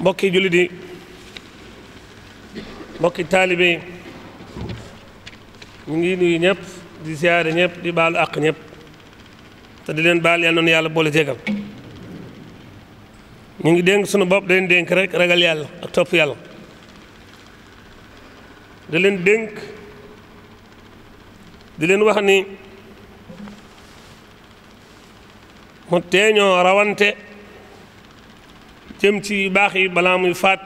mbokki jullit yi mbokki taalibe ñu ngi nuyu ñëpp di siyaare ñëpp di baalu àq ñépp te di leen baal yal na nu yàlla boole jégal ñu ngi dénk sunu bopp di leen dénk rek ragal yàlla ak topp yàlla di leen dénk di leen wax ni mu teeñoo rawante jëm ci yu baax yi balaa muy faat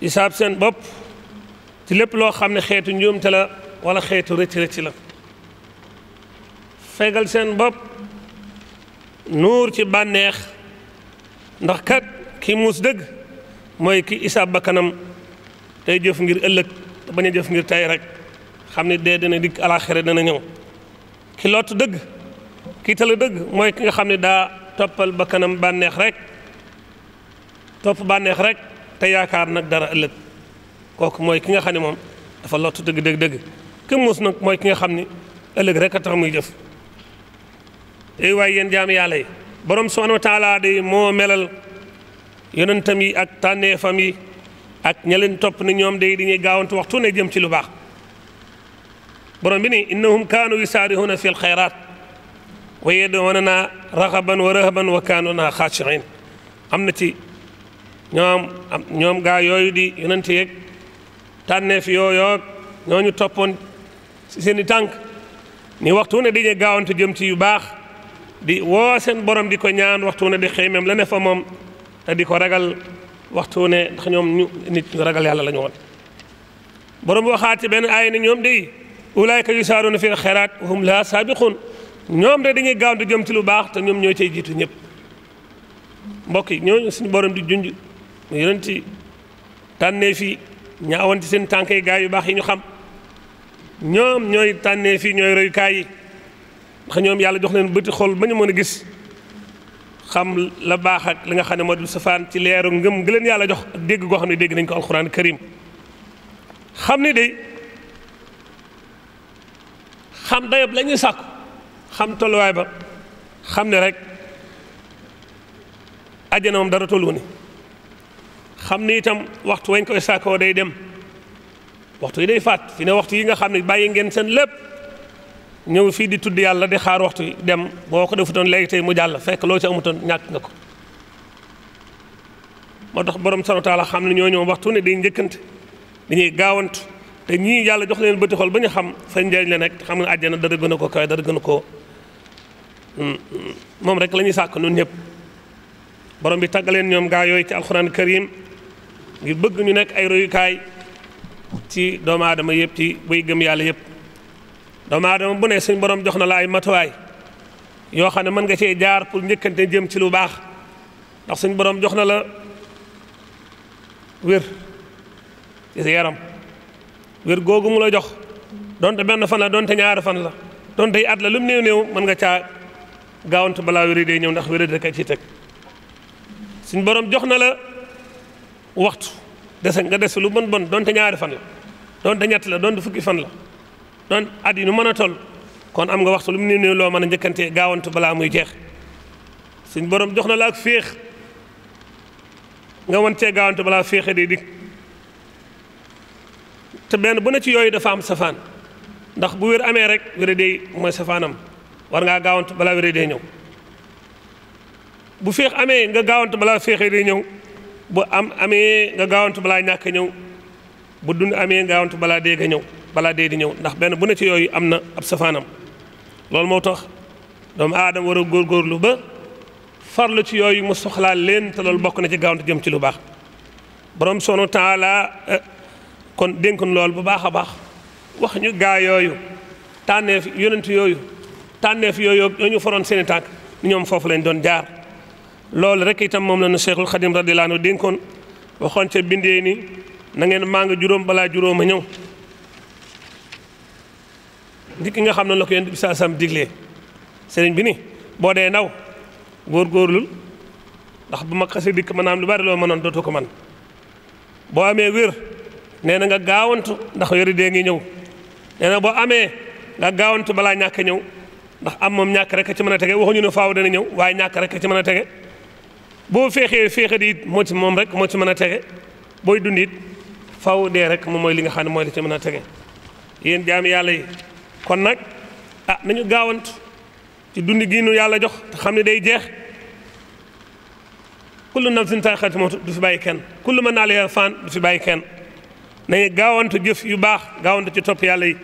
isaab seen bopp ci lépp loo xam ne xeetu njuumte la wala xeetu rëcc rëcc la fegal seen bopp nuur ci bànneex ndax kat ki muus dëgg mooy ki isaab ba kanam tey jëf ngir ëllëg te bañ a jëf ngir tey rek xam ne dee dana dikk alaaxira dana ñëw ki lott dëgg kii tala dëgg mooy ki nga xam ne daa toppal ba kanam bànneex rek topp bànneex rek te yaakaar nag dara ëllëg kooku mooy ki nga xam ne moom dafa lottu dëgg dëgg dëgg ki muus nag mooy ki nga xam ni ëllëg rek a tax muy jëf tey waaye yéen jaam borom subhanahu wa taala moo melal yonentam yi ak tànneefam yi ak ña topp na ñoom day dañuy gaawantu waxtu ne jëm ci lu baax borom bi ni innahum kaanu yusaarihuna fi l wa yad'uunanaa raxaban wa rahaban wa kaanu lanaa xaashi'iin am na ci ñoom ñoom gaa yooyu di yonent yeeg tànneef yooyoog ñoo ñu toppoon ci seen i tànk ni waxtu ne dañuy gaawantu jëm ci yu baax di woo seen borom di ko ñaan waxtu ne di xëymem la ne fa moom te di ko ragal waxtu ne ndax ñoom ñu nit ñu ragal yàlla la ñu woon borom waxaat ci benn aay ni ñoom day ulaayka yusaaruuna fil xayraat hum lahaa saabiquun ñoom de dañuy gaawantu jëm ci lu baax te ñoom ñoo cay jiitu ñëpp mbokk yi ñooñu suñu borom di junj yonent yi tànnee fii ñaawanti seen tànk gaa yu baax yi ñu xam ñoom ñooy tànnee fii ñooy royukaay yi ndax ñoom yàlla jox leen bëti xol ba ñu mën a gis xam la baax ak li nga xam ne moo du safaan ci leeru ngëm gi leen yàlla jox ak dégg koo xam ne dégg nañ ko alxuraan karim xam ne de xam dayab la sàkku xam tolluwaay ba xam ne rek àjjana moom dara tollu ni xam ne yitam waxtu wañ koy sàkkoo day dem waxtu yi day faat fi ne waxtu yi nga xam ne bàyyi ngeen seen lépp ñëw fii di tudd yàlla di xaar waxtu yi dem boo ko defutoon léegi tey mu jàll fekk loo ci amutoon ñàkk nga ko moo tax borom sanu taala xam ne ñoo ñoom waxtu ne day njëkkante dañuy gaawantu te ñii yàlla jox leen bëti xol ba ñu xam fa njëriñ la nekk xam ne àjjana dara gën a ko dara gën a moom rek la ñuy sàkk nun ñëpp borom bi tàggaleen ñoom gaa yooyu ci alxuraan karim ngir bëgg ñu nekk ay royukaay ci doomu aadama yëpp ci buy gëm yàlla yëpp doomu aadama bu ne suñ borom jox na la ay matuwaay yoo xam ne mën nga cee jaar pour njëkkante jëm ci lu baax ndax suñ borom jox na la wér ci sa yaram wér googu mu la jox doonte benn fan la donte ñaari fan la donte yi la lu néew néew mën nga caa gaawante balaa wéri day ñëw ndax wéri da ci teg suñ borom jox na la waxtu dese nga des lu bon bon donte ñaari fan la donte ñett la donte fukki fan la doon at nu mën a toll kon am nga waxtu lu mu ne nii loo mën a njëkkantee gaawantu balaa muy jeex suñ borom jox na la ak féex nga wan cee gaawantu balaa féexe day dikk te benn bu ne ci yooyu dafa am safaan ndax bu wér amee rek wér day mooy safaanam war ngaa gaawantu balaa wéree dee ñëw bu féex amee nga gaawantu balaa féexee dee ñëw bu am amee nga gaawantu balaa ñàkk ñëw bu dund amee nga gaawantu balaa dee nga ñëw balaa dee di ñëw ndax benn bu ne ci yooyu am na ab safaanam loolu moo tax doomu aadama war a góorgóorlu ba farlu ci yooyu mu soxlaa leen te bokk na ci gaawantu jëm ci lu baax borom sonu taala eh, kon dénkon lool bu baax a baax wax ñu gaa yooyu tànneef yonent yooyu tànneef yooyu yoo ñu foroon seeni i tànk ñoom foofu lañ doon jaar loolu rek itam moom la nu Cheikhul Khadim radiyallahu anhu dénkoon waxoon ca bindee ni na ngeen juróom balaa juróom a ñëw di ki nga xam ne la ko yéen saa sam digle sëriñ bi ni boo dee ndaw góorgóorlul ndax bu ma xasee dikk ma naam lu bari loo mënoon dootu ko man boo amee wér nee na nga gaawantu ndax yori dee ngi ñëw nee na boo amee nga gaawantu balaa ñàkk ñëw ndax am moom ñàkk rek a ci mën a tege waxuñu ne faaw dana ñëw waaye ñàkk rek ci mën a tege boo féexee féexa di it moo ci moom rek moo ci mën a tege booy dund it faaw dee rek moom mooy li nga xam ne mooy li ci mën a tege yéen jaam yàlla kon nag ah, nañu gaawant ci dund gii yàlla jox xam ne day jeex na nafsin taaxati moo du fi bàyyi kenn kullu mën naa la faan du fi bàyyi kenn nañu gaawantu jëf yu baax gaawantu ci topp yàlla yi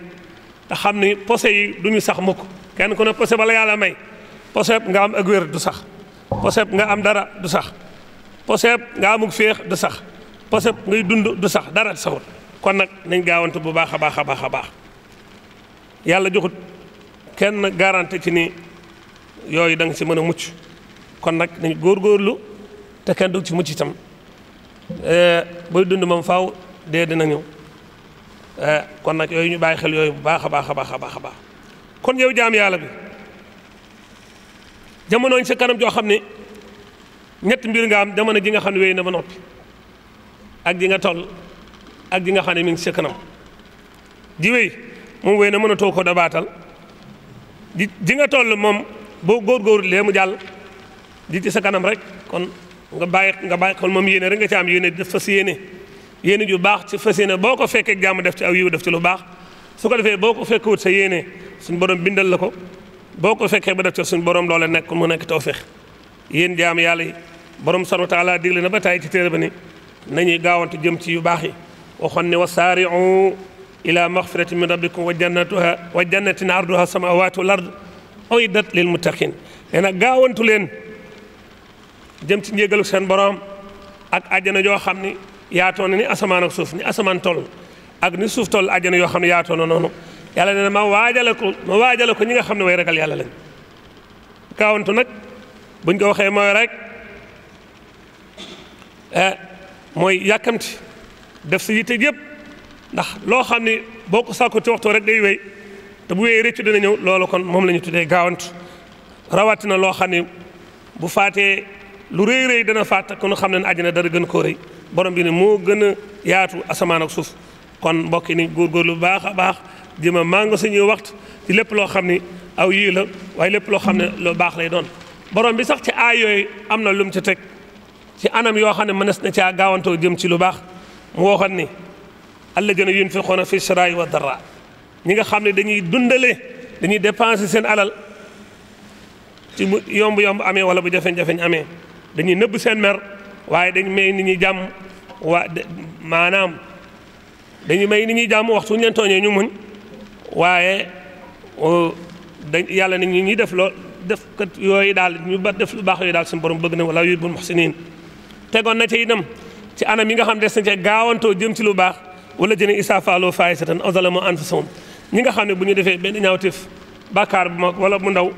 te xam ne posé yi duñu sax mukk kenn ku ne posé ba la yàlla may poseeb nga am ak wér du sax poseeb nga am dara du sax poseeb nga amuk féex du sax poseeb ngay dund du sax dara du saxut kon nag nañ gaawantu bu baax a baax a baax a baax yàlla joxut kenn garante ci ni yooyu da nga ci mën a mucc kon nag nañ góorlu te kenn du ci mucc itam eh, buy dund moom faaw dee dina ñëw eh, kon nag yooyu ñu bàyyi xel yooyu bu a baax a baax a baax a baax kon yow jaam yàlla bi jamono ci sa kanam joo xam ne ñett mbir nga am jamono ji nga xam ne wéy na ba noppi ak ji nga toll ak ji nga xam ne mi ngi ci sa kanam ji wéy moom wéy na mënatoo ko dabaatal ji ji nga toll moom boo góorgóorlu lee mu jàll di ci sa kanam rek kon nga bàyyi nga bàyyi kon moom yéene rek nga ci am yéene def fas yéene yéene ju baax ci fas yéene boo ko fekkee jàmm def ci aw yiw def ci lu baax su ko defee boo ko fekkewut sa yéene suñu borom bindal la ko boo ko fekkee ba def ca suñu borom loolee nekk mu nekk tawféex yéen jaam yàlla borom subhaanahu wa taala digle na ba tàyyi ci téere ba ni nañuy gaawantu jëm ci yu baax yi waxoon ne wa saari'u ila maxfirati min rabbikum wa jannatuha wa jannatin arduha samawatu wal ard uiddat lil muttaqin na gaawantu leen jëm ci njégalu seen borom ak àjjana joo xam ni yaatoo na ni asamaan ak suuf ni asamaan toll ak ni suuf toll àjjana yoo xam ne yaatoo na noonu yàlla nee ma waajale ko ma waajale ko ñi nga xam ne way ragal yàlla lañ gaawantu nag buñ ko waxee mooy rek eh, mooy yàkkamti def si yitte yëpp ndax loo xam ne boo ko sàkku ci waxtu rek day wéy te bu wéyee réccu dana ñëw loolu kon moom la ñu tuddee gaawant rawatina loo xam ne bu faatee lu rëy rëy dana faat kon xam ne ne àjjana dara gën koo rëy borom bi ne moo gën a yaatu asamaan suuf kon mbokk yi ni góorgóorlu baax a baax jëma màngo suñuy waxtu ci lépp loo xam ni aw yii la waaye lépp loo xam ne loo baax lay doon boroom bi sax ci aay yooyu am na lu mu ci teg ci anam yoo xam ne mënees na caa gaawantoo jëm ci lu baax mu waxoon ni alladiina yunfiquuna fi siraa'i wa darraa ñi nga xam ne dañuy dundale dañuy dépenser seen alal ci yomb yomb amee wala bu jafe-jafe amee dañuy nëbb seen mer waaye dañ may ni ñi jàmm waa maanaam dañuy may nit ñi jàmm waxtu ñu leen tooñee ñu waaye dañ yàlla nit ñi ñuy def loo def kat yooyu daal ñu ba def lu baax yooyu daal suñu borom bëgg na wala yuhibbul muhsinin tegoon na ci itam ci anam mi nga xam ne des na cee gaawantoo jëm ci lu baax wala jëne isaafaaloo faayisatan aw zalamu anfusahum ñi nga xam ne bu ñu defee benn ñaawteef bakaar bu mag wala bu ndaw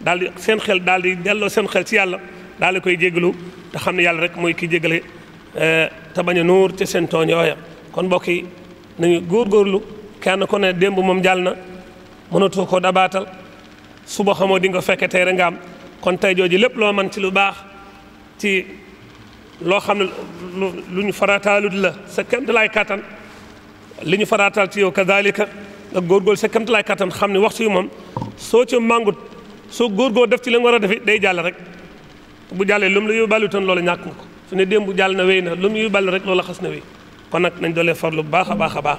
daal di seen xel daal di delloo seen xel ci yàlla daal di koy jégalu te xam ne yàlla rek mooy ki jégale eh, te bañ a nuur ci seen tooñ yooya kon mbokk yi nañu góorgóorlu kenn kone démb moom jàll na mënatoo koo dabaatal suba xamoo di nga fekke tey rek nga am kon tey jooju lépp loo man ci lu baax ci loo xam ne lu ñu farataalut la sa kemt laay kattan li ñu farataal ci yow kazalika nga góor sa kemt laay xam ne waxtu yu moom soo ci màngut soo góor góorgóor def ci la nga war a defi day jàll rek bu jàllee lu mu la yóbbaale toon loolu ñàkk nga ko su ne démb jàll na wéy na lu mu yóbbaale rek loola xas na wéy kon nag nañ doolee farlu bu baax a baax a baax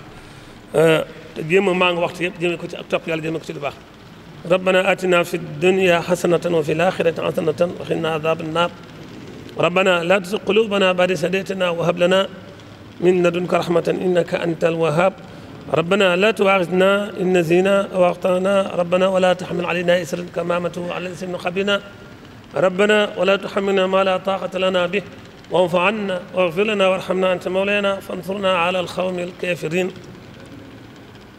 te jéem a maa ngi waxtu yëpp jëmee ko ci ak topp yàlla jëmee ko ci lu baax rabbana atina fi dunya xasanatan wa fi laaxirati xasanatan wa xina adab annaar rabbana laa tuzig qulubana ba'da idh hadaytana wa hab lana min ladunka rahmatan innaka anta alwahhab ربنا لا تؤاخذنا إن نسينا أو أخطأنا ربنا ولا تحمل علينا إسرا كما حملته على الذين من قبلنا ربنا ولا تحملنا ما لا طاقة لنا به واعف عنا واغفر لنا وارحمنا أنت مولانا فانصرنا على القوم الكافرين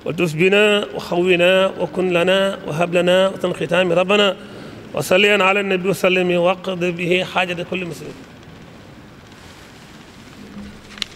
ودس بنا وخونا وكن لنا وهب لنا وتنختام ربنا وصليا على النبي وسلم وقض به حاجة كل مسلم